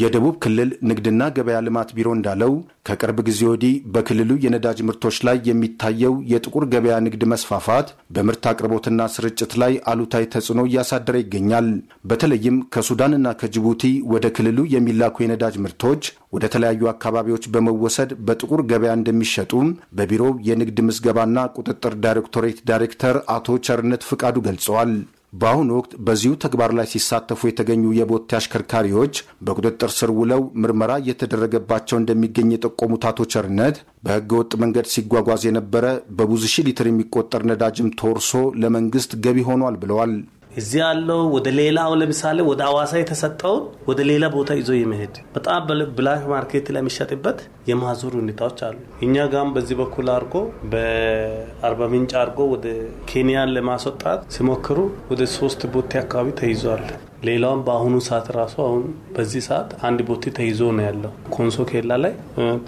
የደቡብ ክልል ንግድና ገበያ ልማት ቢሮ እንዳለው ከቅርብ ጊዜ ወዲህ በክልሉ የነዳጅ ምርቶች ላይ የሚታየው የጥቁር ገበያ ንግድ መስፋፋት በምርት አቅርቦትና ስርጭት ላይ አሉታዊ ተጽዕኖ እያሳደረ ይገኛል። በተለይም ከሱዳንና ከጅቡቲ ወደ ክልሉ የሚላኩ የነዳጅ ምርቶች ወደ ተለያዩ አካባቢዎች በመወሰድ በጥቁር ገበያ እንደሚሸጡ በቢሮው የንግድ ምዝገባና ቁጥጥር ዳይሬክቶሬት ዳይሬክተር አቶ ቸርነት ፍቃዱ ገልጸዋል። በአሁኑ ወቅት በዚሁ ተግባር ላይ ሲሳተፉ የተገኙ የቦቴ አሽከርካሪዎች በቁጥጥር ስር ውለው ምርመራ እየተደረገባቸው እንደሚገኝ የጠቆሙት አቶ ቸርነት በህገ ወጥ መንገድ ሲጓጓዝ የነበረ በብዙ ሺህ ሊትር የሚቆጠር ነዳጅም ተወርሶ ለመንግስት ገቢ ሆኗል ብለዋል። እዚህ ያለው ወደ ሌላው ለምሳሌ ወደ አዋሳ የተሰጠውን ወደ ሌላ ቦታ ይዞ የመሄድ በጣም ብላክ ማርኬት ላይ የሚሸጥበት የማዞር ሁኔታዎች አሉ። እኛ ጋም በዚህ በኩል አድርጎ በአርባ ምንጭ አድርጎ ወደ ኬንያን ለማስወጣት ሲሞክሩ ወደ ሶስት ቦቴ አካባቢ ተይዟል። ሌላውም በአሁኑ ሰዓት ራሱ አሁን በዚህ ሰዓት አንድ ቦቴ ተይዞ ነው ያለው። ኮንሶ ኬላ ላይ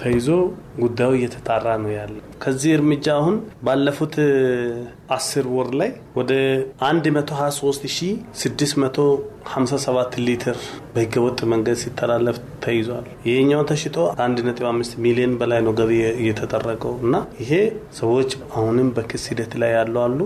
ተይዞ ጉዳዩ እየተጣራ ነው ያለው። ከዚህ እርምጃ አሁን ባለፉት አስር ወር ላይ ወደ 123657 ሊትር በህገወጥ መንገድ ሲተላለፍ ተይዟል። ይሄኛው ተሽጦ 1.5 ሚሊዮን በላይ ነው ገቢ እየተጠረቀው እና ይሄ ሰዎች አሁንም በክስ ሂደት ላይ ያሉ አሉ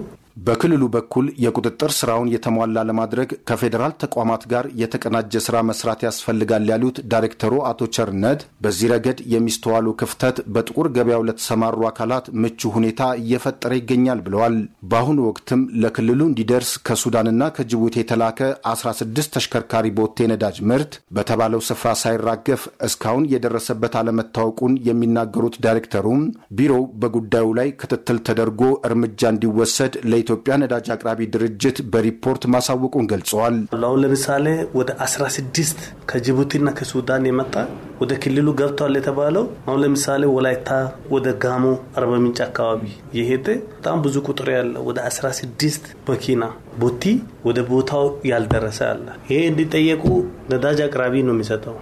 በክልሉ በኩል የቁጥጥር ስራውን የተሟላ ለማድረግ ከፌዴራል ተቋማት ጋር የተቀናጀ ስራ መስራት ያስፈልጋል ያሉት ዳይሬክተሩ አቶ ቸርነት በዚህ ረገድ የሚስተዋሉ ክፍተት በጥቁር ገበያው ለተሰማሩ አካላት ምቹ ሁኔታ እየፈጠረ ይገኛል ብለዋል። በአሁኑ ወቅትም ለክልሉ እንዲደርስ ከሱዳንና ከጅቡቲ የተላከ 16 ተሽከርካሪ ቦቴ ነዳጅ ምርት በተባለው ስፍራ ሳይራገፍ እስካሁን የደረሰበት አለመታወቁን የሚናገሩት ዳይሬክተሩም ቢሮው በጉዳዩ ላይ ክትትል ተደርጎ እርምጃ እንዲወሰድ ለ ለኢትዮጵያ ነዳጅ አቅራቢ ድርጅት በሪፖርት ማሳወቁን ገልጸዋል። አሁን ለምሳሌ ወደ 16 ከጅቡቲና ከሱዳን የመጣ ወደ ክልሉ ገብቷል የተባለው አሁን ለምሳሌ ወላይታ ወደ ጋሞ አርባ ምንጭ አካባቢ የሄደ በጣም ብዙ ቁጥር ያለ ወደ 16 መኪና ቦቲ ወደ ቦታው ያልደረሰ አለ። ይሄ እንዲጠየቁ ነዳጅ አቅራቢ ነው የሚሰጠው፣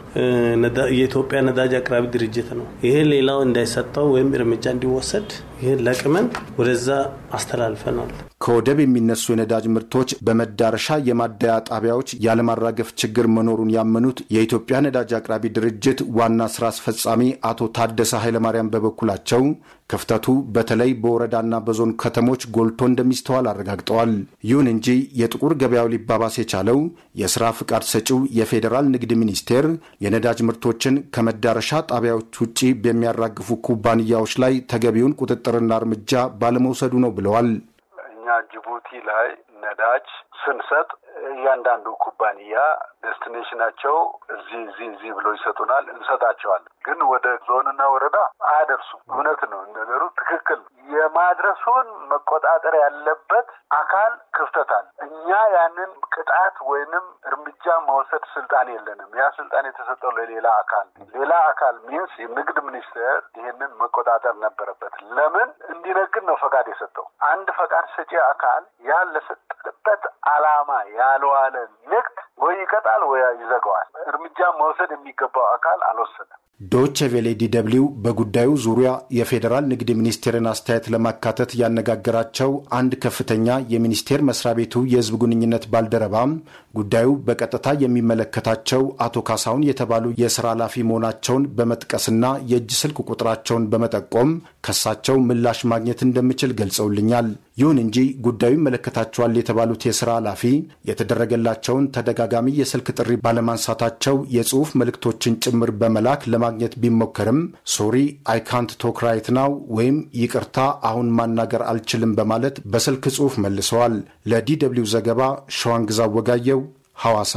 የኢትዮጵያ ነዳጅ አቅራቢ ድርጅት ነው። ይሄ ሌላው እንዳይሰጠው ወይም እርምጃ እንዲወሰድ ይህን ለቅመን ወደዛ አስተላልፈናል። ከወደብ የሚነሱ የነዳጅ ምርቶች በመዳረሻ የማደያ ጣቢያዎች ያለማራገፍ ችግር መኖሩን ያመኑት የኢትዮጵያ ነዳጅ አቅራቢ ድርጅት ዋና ስራ አስፈጻሚ አቶ ታደሰ ኃይለማርያም በበኩላቸው ክፍተቱ በተለይ በወረዳና በዞን ከተሞች ጎልቶ እንደሚስተዋል አረጋግጠዋል። ይሁን እንጂ የጥቁር ገበያው ሊባባስ የቻለው የስራ ፍቃድ ሰጪው የፌዴራል ንግድ ሚኒስቴር የነዳጅ ምርቶችን ከመዳረሻ ጣቢያዎች ውጭ በሚያራግፉ ኩባንያዎች ላይ ተገቢውን ቁጥጥርና እርምጃ ባለመውሰዱ ነው ብለዋል። እኛ ጅቡቲ ላይ ነዳጅ ስንሰጥ እያንዳንዱ ኩባንያ ዴስቲኔሽናቸው እዚህ እዚህ እዚህ ብሎ ይሰጡናል፣ እንሰጣቸዋለን። ግን ወደ ዞንና ወረዳ አያደርሱም። እውነት ነው ነገሩ ትክክል። የማድረሱን መቆጣጠር ያለበት አካል ክፍተት አለ። እኛ ያንን ቅጣት ወይንም እርምጃ መውሰድ ስልጣን የለንም። ያ ስልጣን የተሰጠው ለሌላ አካል ሌላ አካል ሚንስ የንግድ ሚኒስቴር ይሄንን መቆጣጠር ነበረበት። ለምን እንዲነግድ ነው ፈቃድ የሰጠው። አንድ ፈቃድ ሰጪ አካል ያ ለሰጠበት አላማ ያልዋለ ንግድ ወይ ይቀጣል ወይ ይዘጋዋል። እርምጃ መውሰድ የሚገባው አካል አልወሰደም። ዶች ቬሌ ዲደብሊው በጉዳዩ ዙሪያ የፌዴራል ንግድ ሚኒስቴርን አስተያየት ለማካተት ያነጋገራቸው አንድ ከፍተኛ የሚኒስቴር መስሪያ ቤቱ የሕዝብ ግንኙነት ባልደረባ ጉዳዩ በቀጥታ የሚመለከታቸው አቶ ካሳውን የተባሉ የስራ ኃላፊ መሆናቸውን በመጥቀስና የእጅ ስልክ ቁጥራቸውን በመጠቆም ከሳቸው ምላሽ ማግኘት እንደምችል ገልጸውልኛል። ይሁን እንጂ ጉዳዩ ይመለከታቸዋል የተባሉት የስራ ኃላፊ የተደረገላቸውን ተደጋጋሚ የስልክ ጥሪ ባለማንሳታቸው የጽሁፍ መልእክቶችን ጭምር በመላክ ለማግኘት ቢሞከርም ሶሪ አይካንት ቶክራይት ናው ወይም ይቅርታ አሁን ማናገር አልችልም በማለት በስልክ ጽሁፍ መልሰዋል። ለዲ ደብልዩ ዘገባ ሸዋንግዛ ወጋየው ሐዋሳ